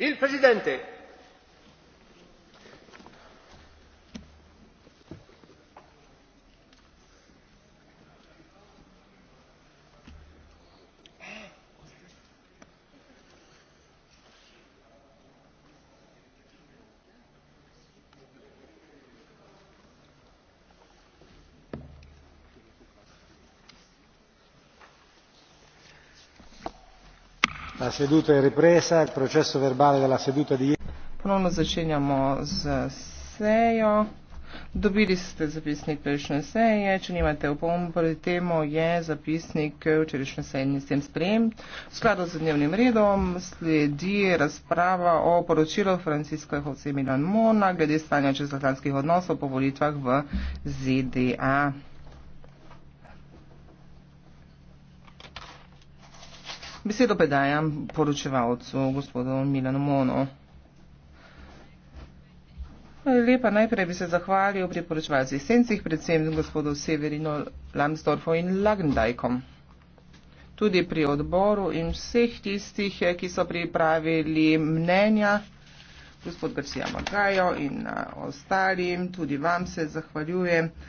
il presidente Ponovno začenjamo z sejo. Dobili ste zapisnik prejšnje seje, če nimate opomb, pred temo je zapisnik včerajšnje seje in s tem sprejem. V skladu z dnevnim redom sledi razprava o poročilu Francisko Hosemina Mona glede stanja čezatlantskih odnosov po volitvah v ZDA. Besedo predajam poročevalcu, gospodu Milanu Mono. Lepa, najprej bi se zahvalil pri poročevalcu Esencih, predvsem gospodu Severino Lambsdorfu in Lagendajkom. Tudi pri odboru in vseh tistih, ki so pripravili mnenja, gospod Garcia Magajo in ostalim, tudi vam se zahvaljujem.